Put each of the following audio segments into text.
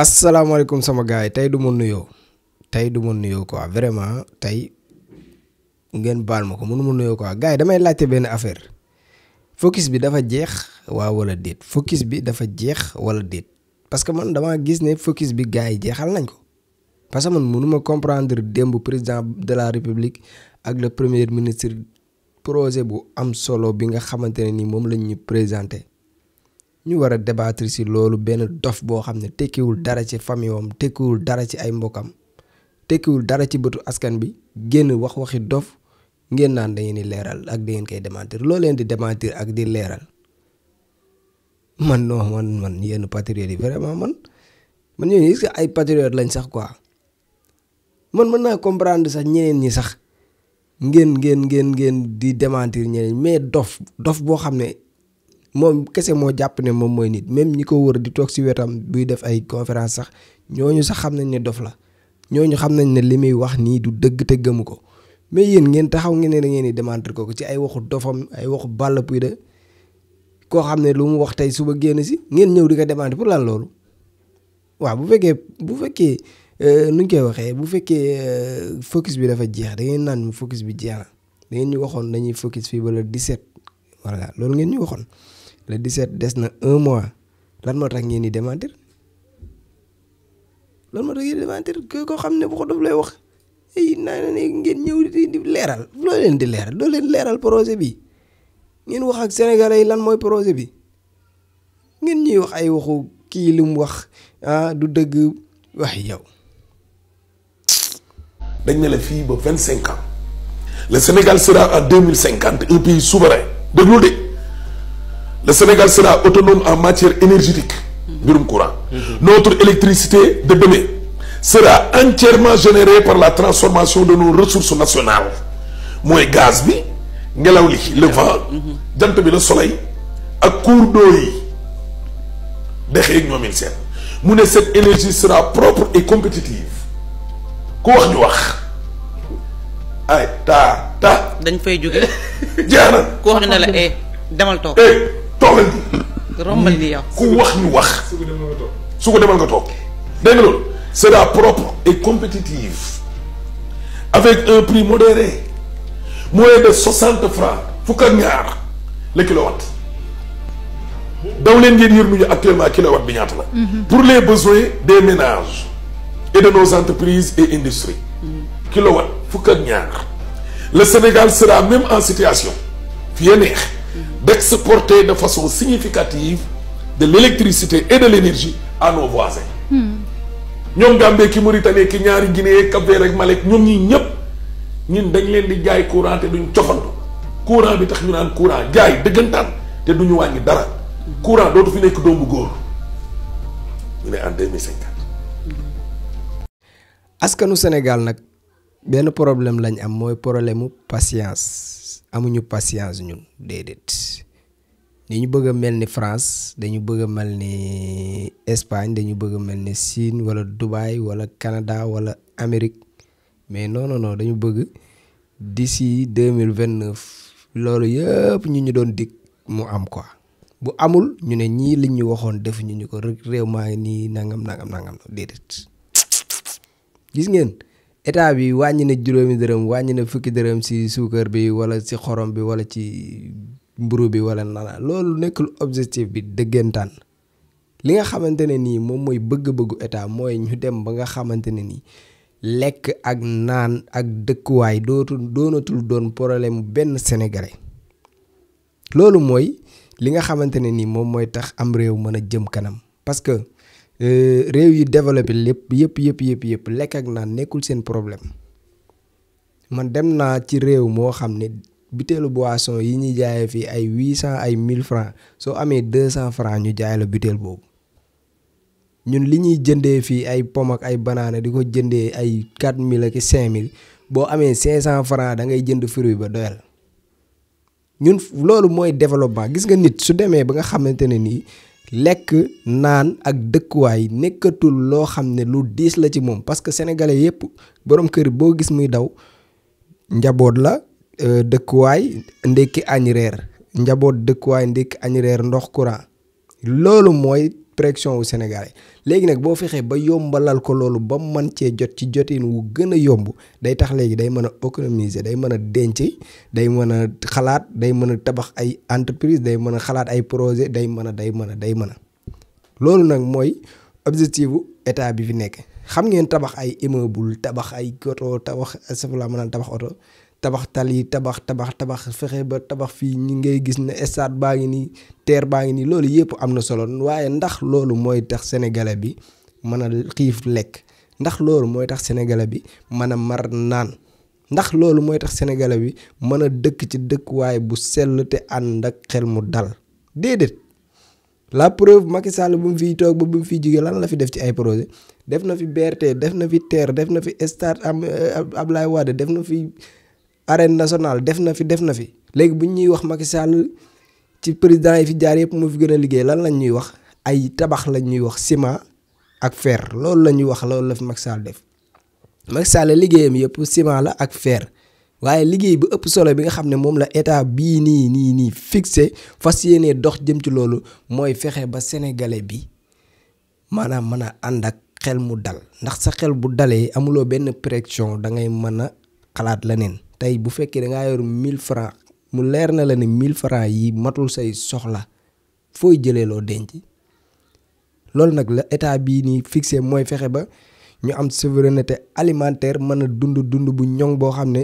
asalaamaaleykum sama gars yi tey du ma nuyoo tey du ma nuyoo quoi vraiment tey ngeen baal ma ko mënu ma nuyoo ko gars yi damay laajte benn affaire focus bi dafa jeex waaw wala déet focus bi dafa jeex wala déet parce que man damaa gis ne focus bi gars yi jeexal nañ ko parce que man mënu comprendre démb président de la république ak le premier ministre projet bu am solo bi nga xamante ne ni moom lañ ñu présenté. ñu war a débattre si loolu benn dof boo xam ne tekkiwul dara ci famille am tekkiwul dara ci ay mbokkam tekkiwul dara ci bëtu askan bi génn wax waxi dof ngeen naan da ngeen di leeral ak da ngeen koy démentir loo leen di démentir ak di leeral man non man man yenn patriotes yi vraiment man man ñooñu est ay patriotes lañ sax quoi man mën naa comprendre sax ñeneen ñi sax ngeen ngeen ngeen ngeen di démentir ñeneen mais dof dof boo xam ne. moom kese moo jàpp ne moom mooy nit même ñi ko wër di toog si wetam buy def ay conférence sax ñooñu sax xam nañ ne dof la ñooñu xam nañ ne li muy wax nii du dëgg te gëmu ko mais yéen ngeen taxaw ngeen da ngeen di démentir ko ci ay waxu dofam ay waxu Balla Pouye de koo xam ne lu mu wax tey suba génn si ngeen ñëw di ko démentir pour lan loolu waaw bu fekkee bu fekkee euh, nuñ koy waxee bu fekkee euh, focus bi dafa jeex da ngeen naan focus bi jeex na da ngeen ñu waxoon dañuy focus fii ba di set voilà loolu ngeen ñu waxoon. le 17 des na un mois lan moo tax ngeen di démentir lan moo tax ngeen di démentir koo xam ne bu ko daf lay wax ay naa ne ngeen ñëw di leeral loo leen di leeral loo leen leeral projet bi ngeen wax ak sénégalais yi lan mooy projet bi ngeen ñuy wax ay waxu kii li mu wax ah du dëgg wax yow. dañ ne la fii ba vingt cinq ans le Sénégal sera en deux mille cinquante un pays souverain déglu de. le Sénégal sera autonome en matière énergétique notre électricité de demain sera entièrement générée par la transformation de nos ressources nationales gaz le vent le soleil ak cours d'eau cette énergie sera propre et compétitive Quoi wax ta ta ay toogal bi. rombal bi yow ku wax ñu wax. su ko demal nga toog dégg nga sera propre et compétitive avec un prix modéré moins de 60 francs fukk ak ñaar le kilowatt daw leen ngeen yër ñu actuellement kilowatt bi ñaata la. Mhm. pour les besoins des ménages et de nos entreprises et industries. kilowatt fukk ak ñaar le Sénégal sera même en situation fii d'exporter de façon significative de l'électricité et de l'énergie à nos voisins. ñoom Gambie ki Mauritanie ki ñaari Guinée Cap-Vert les Malek ñoom ñii ñëpp ñun dañ leen di jaay courant te duñ Le courant bi tax ñu Le courant jaay dëggantaan te duñu wàññi dara courant dootu fi nekk est góor ñu ne en 2050. au Sénégal avons un problème lañ am mooy problème patience. amuñu patience ñun déedéet ni ñu bëgg a mel ni France dañu bëgg mel ni Espagne dañu bëgg mel ni Chine wala Dubaï wala Canada wala Amérique mais non non dañu bëgg d'ici deux mille vingt neuf loolu yëpp ñu ñu doon dikk mu am ko bu amul ñu ne ñii liñ ñu waxoon def ñu ko rek réew maa ngi nii nangam nangam nangam déedéet gis ngeen. état bi wàññi na juróomi dërëm wàññi na fukki dërëm si suukar bi wala si xorom bi wala ci mburu bi wala nana loolu nekkul objectif bi dëggantaan li nga xamante ne nii moom mooy bëgg-bëggu état mooy ñu dem ba nga xamante ne nii lekk ak naan ak dëkkuwaay dootul doonatul doon problème benn sénégalais loolu mooy li nga xamante ne nii moom mooy tax am réew mën a jëm kanam parce Euh, réew yi développé lépp yëpp yëpp yëpp yëpp lekk ak naan nekkul seen problème man dem naa ci réew moo xam ne butéelu boisson yi ñuy jaayee fii ay huit cent ay mille francs soo amee deux cent francs ñu jaay la butéel boobu ñun li ñuy jëndee fii ay pom ak ay banaana di ko jëndee ay quatre mille ak cinq mille boo amee cinq cent francs da ngay jënd fruit ba doyal ñun loolu mooy développement gis nga nit su demee ba nga xamante ne nii. lekk naan ak dëkkuwaay nekkatul loo xam ne lu diis la ci moom parce que sénégalais yëpp borom kër boo gis muy daw njaboot la euh, dëkkuwaay ndekki añ njaboot dëkkuwaay ndékki añ reer ndox courant loolu mooy pression wu Sénégalais léegi nag boo fexee ba yombalal ko loolu ba man cee jot ci jotin wu gën a yomb day tax léegi day mën a économiser day mën a denc day mën a xalaat day mën a tabax ay entreprise day mën a xalaat ay projet day mën a day mën a day mën a loolu nag mooy objectif bu état bi fi nekk xam ngeen tabax ay bul tabax ay oto tabax safla mënaan tabax oto tabax tali tabax tabax tabax fexe ba tabax fi ñi ngay gis ne estade ba ngi ni terre ba ngi ni loolu yëpp am na solo waaye ndax loolu mooy tax sénégalais bi mën a xiif lekk ndax loolu mooy tax sénégalais bi mën a mar naan ndax loolu mooy tax sénégalais bi mën a dëkk ci dëkkuwaay bu sell te ànd ak xel mu dal déedéet la preuve Macky Sall bu mu fiy toog ba bu mu fiy jigéen lan la fi def ci ay projet def na fi BRT def na fi terre def na fi stade am Ablaye Wade def na fi. arène nationale def na fi def na fi léegi bu ñuy wax Macky Sall ci président yi fi jaar yëpp moo fi gën a liggéey lan lañ ñuy wax ay tabax lañ ñuy wax ciment ak fer loolu la ñuy wax loolu la fi Macky Sall def Macky Sall liggéeyam yëpp ciment la ak fer waaye liggéey bu ëpp solo bi nga xam ne moom la état bii nii nii nii fixé fas yéenee dox jëm ci loolu mooy fexe ba sénégalais bi maanaam mën a ànd ak xel mu dal ndax sa xel bu dalee amuloo benn pression da ngay mën a xalaat leneen. tey bu fekkee da ngaa yor 1000 francs mu leer na la ne 1000 francs yi matul say soxla fooy jëlee loo denc loolu nag la état bii nii fixé mooy fexe ba ñu am souveraineté alimentaire mën a dund dund bu ñoŋ boo xam ne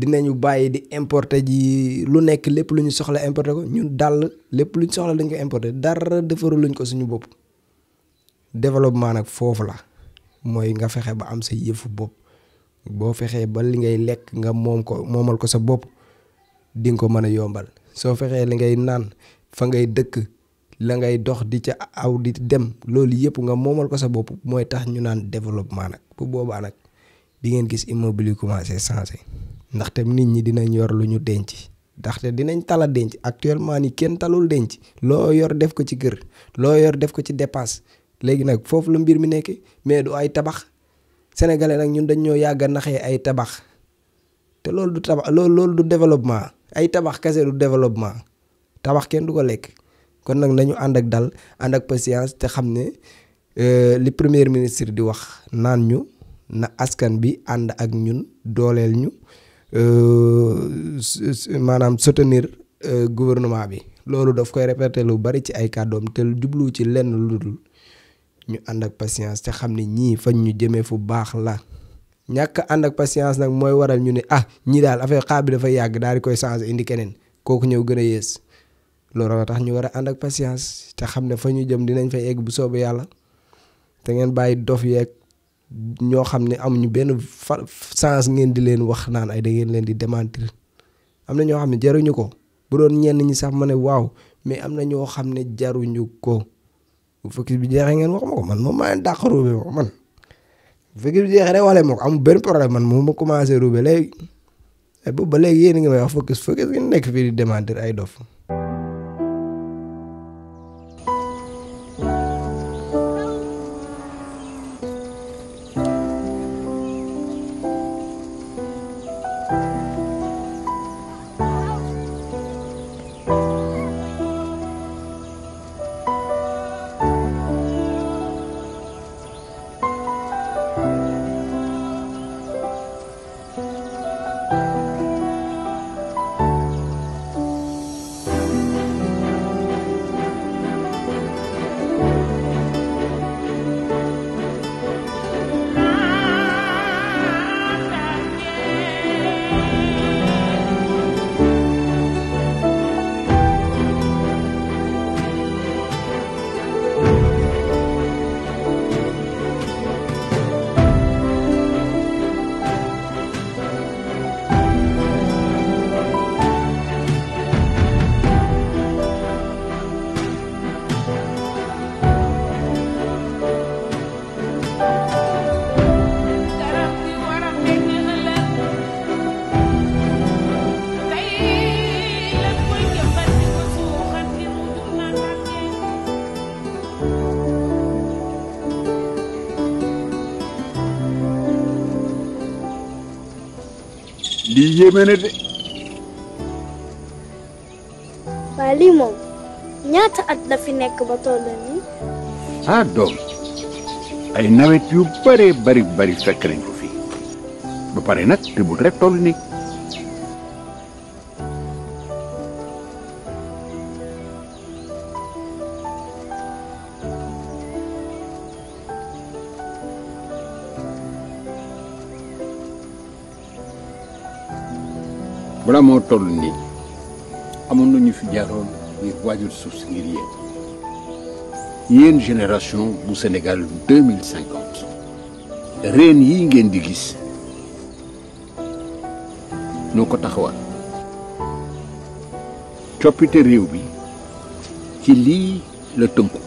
dinañu bàyyi di importe ji lu nekk lépp lu ñu soxla importer ko ñun dàll lépp lu ñu soxla dañ ko importer dara defaru luñ ko suñu bopp développement nag foofu la mooy nga fexe ba am sa yëfu bopp. bo fexé ba li ngay lek nga mom ko momal ko sa bop ding ko meuna yombal so fexé li ngay nan fa ngay dekk la ngay dox di ca aw di dem lolou yep nga momal ko sa bop moy tax ñu nan développement nak bu boba nak di ngeen gis immobilier commencé changer ndax tam nit ñi dinañ yor lu ñu denc te dinañ tala denc actuellement ni kenn talul denc lo yor def ko ci kër lo yor def ko ci dépense légui nak fofu lu mbir mi nekk mais du ay tabakh sénégalais nag ñun dañ ñoo yàgg a naxee ay tabax te loolu du tabax loolu du développement ay tabax kese du développement tabax kenn du ko lekk kon nag nañu ànd ak dal ànd ak patience te xam ne euh, li premier ministre di wax naan ñu na askan bi ànd ak ñun dooleel ñu euh, maanaam soutenir euh, gouvernement bi loolu daf koy répété lu bari ci ay kàddoom te jublu ci lenn lu dul ñu ànd ak patience te xam ne ñii fañ ñu jëmee fu baax la ñàkk ànd ak patience nag mooy waral ñu ne ah ñii daal affaire xaar bi dafa yàgg daal di koy changer indi keneen kooku ñëw gën a yées loolu tax ñu war a ànd ak patience te xam ne fa ñu jëm dinañ fa egg bu soobee yàlla te ngeen bàyyi dof yeeg ñoo xam ne amuñu benn fa chance ngeen di leen wax naan ay da ngeen leen di démentir am na ñoo xam ne jaruñu ko bu doon ñenn ñi sax ma ne waaw mais am na ñoo xam ne jaruñu ko. bu fekkee bi jeexee ngeen wax man moom maa leen dàq ruube ma ko man bu fekkee bi jeexee rek wax leen ma ko problème man moom ma commencé ruube léegi boobu ba léegi yéen a ngi may wax focus focus ngeen nekk fii di démentir ay dof lii yéeme na de. waaye lii moom ñaata at la nekk ba toll nii. ah doom ay nawet yu bëree bari bari fekk nañ ko fi ba pare nag te bul rek toll balaa moo toll ni amoon na ñu fi jaaroon ngir génération bu Sénégal 2050. mille cinquante reen yi ngeen di gis noo ko taxawal coppite bi ci lii la tënku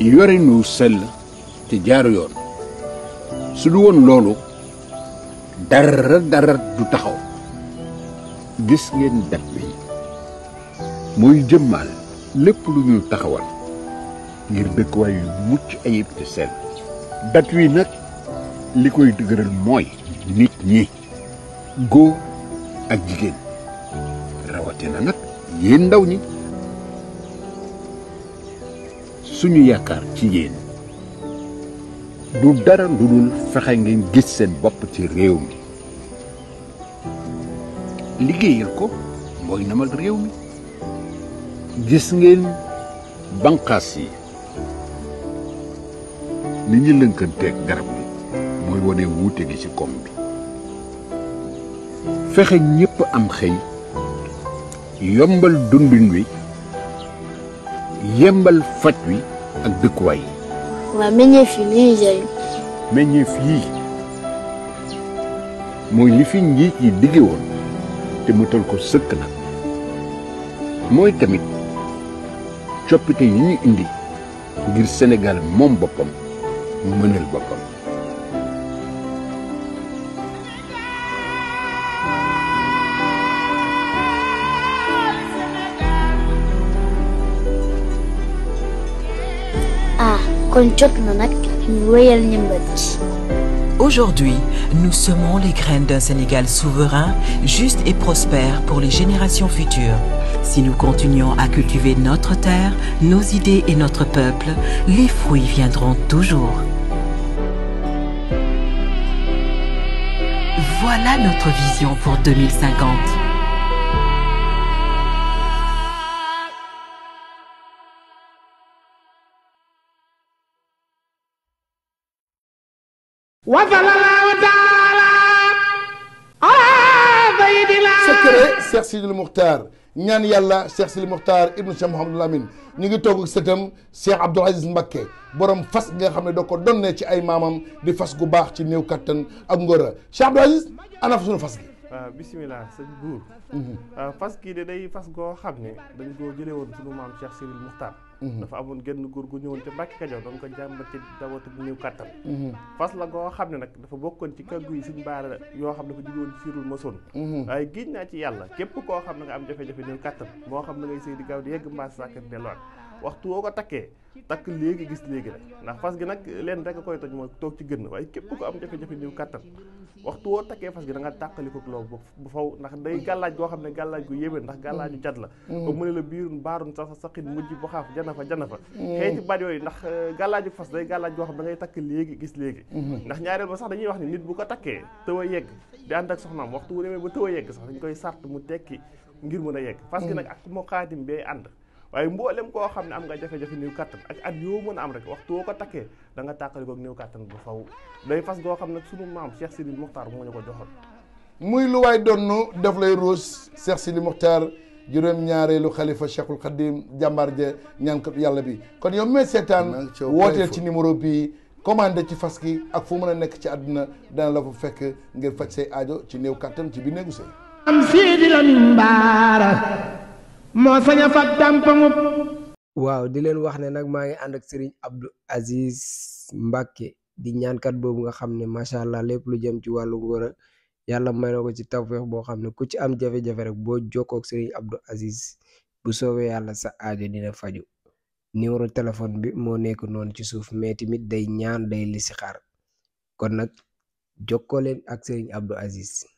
yore nu sell te jaaru yoon su du woon du taxaw gis ngeen dat bi muy jëmmaal lépp lu ñuy taxawal ngir dëkkuwaay mucc ayib te seen dat wi nag li koy dëgëral mooy nit ñi góor ak jigéen rawatina nag yéen ndaw ñi suñu yaakaar ci yéen du dara lu dul fexe ngeen gis seen bopp ci réew mi liggéeyal ko mooy namal réew mi gis ngeen banqaas yi ni ñu lënkanteeg garab bi mooy wane wuute gi ci kom bi fexe ñépp am xëy yombal dundin wi yembal faj wi ak dëkkuwaay yi waaw meññeef yi li ñuy meññeef yii mooy li fi njiit yi digge woon te mëtal ko sëkk nag mooy tamit coppite yi ñu indi ngir Sénégal moom boppam mu boppam ah kon jot na nag ñu wéyal ñëmbat Aujourd'hui, nous semons les graines d'un Sénégal souverain, juste et prospère pour les générations futures. Si nous continuons à cultiver notre terre, nos idées et notre peuple, les fruits viendront toujours. Voilà notre vision pour 2050. wasalallaahu taala ala sayidina secret Cheikh Sidil Mukhtar ñaan yàlla Cheikh Sidil Mukhtar ibnu Cheikh Mouhamadul Amin ñu ngi toog sëtam Cheikh Abdoul Aziz Mbacké borom fas nga xam ne da ko donnee ci ay maamam di fas gu baax ci néew kattan ak ngóor a Cheikh Aziz ana sunu fas gi waaw euh, bisimilah sëñ buur mhm. euh, fas gi de day fas goo xam ne dañu koo jëlee woon sunu maam Cheikh Sidil Mukhtar Mm-hmm. dafa amoon genn góor gu ñëwoon te Mbàkke Kajoor doon ko jàmbat ci dawatu bu néew kàttan mm-hmm. fas la goo xam ne nag dafa bokkoon ci kàggu yi suñ baara yoo xam ne ko jugoon firul ma son mm-hmm. waaye géej naa ci yàlla képp koo xam ne nga am jafe-jafe néew kàttan moo xam ne ngay sëy di gaaw di yegg mbaas sàkkante lool waxtu woo ko takkee takk léegi gis léegi rek ndax fas gi nag leen rek a koy toj mooy toog ci gën waaye képp ko am jafe-jafe niw kàttan waxtu woo takkee fas gi da nga la mm. ba mu ne la biirun baarun sasa saqin mujj bu xaaf jana fa jana fa mm. xeeti baat euh, takk léegi gis léegi mm-hmm. ndax ñaareel ba sax dañuy wax ne nit bu ko takkee tëw a yegg di ànd ak soxnaam waxtu wu demee ba tëw a yegg sax dañ koy sart mu tekki ngir mën a yegg mm. fas gi nag ak moo xaatim ànd waaye mboolem koo xam ne am nga jafe-jafe néew kàttan ak at yoo mën a am rek waxtu woo ko takkee da nga tàqalikook néew kàttan ba faw day fas goo xam ne sunu maam Cheikh Sidi Mokhtar moo ñu ko joxoon muy lu waay donnu daf lay ruus Cheikh Sidi Mokhtar juróom ñaareelu xalifa Cheikhul Khadim jàmbaar ja ñaan ko yàlla bi kon yow mee seetaan wooteel ci numéro bii commandé ci fas gi ak fu mën a nekk ci àdduna dana la fa fekk ngir faj say aajo ci néew kàttan ci bi néegu sëy am Sidi Lamine Bara moo sañ a fat tàmpaŋub waaw di leen wax ne nag maa ngi ànd ak sëriñ Abdou Aziz Mbacke di ñaankat boobu nga xam ne macha allah lépp lu jëm ci wàllu ngóor yàlla may ko ci tawféex boo xam ne ku ci am jafe-jafe rek boo jokkoo ak sëriñ Abdou Aziz bu soowee yàlla sa aajo dina faju numéro téléphone bi moo nekk noonu ci suuf mais mit day ñaan day listixaar kon nag jokkoo leen ak sëriñ Abdou Aziz.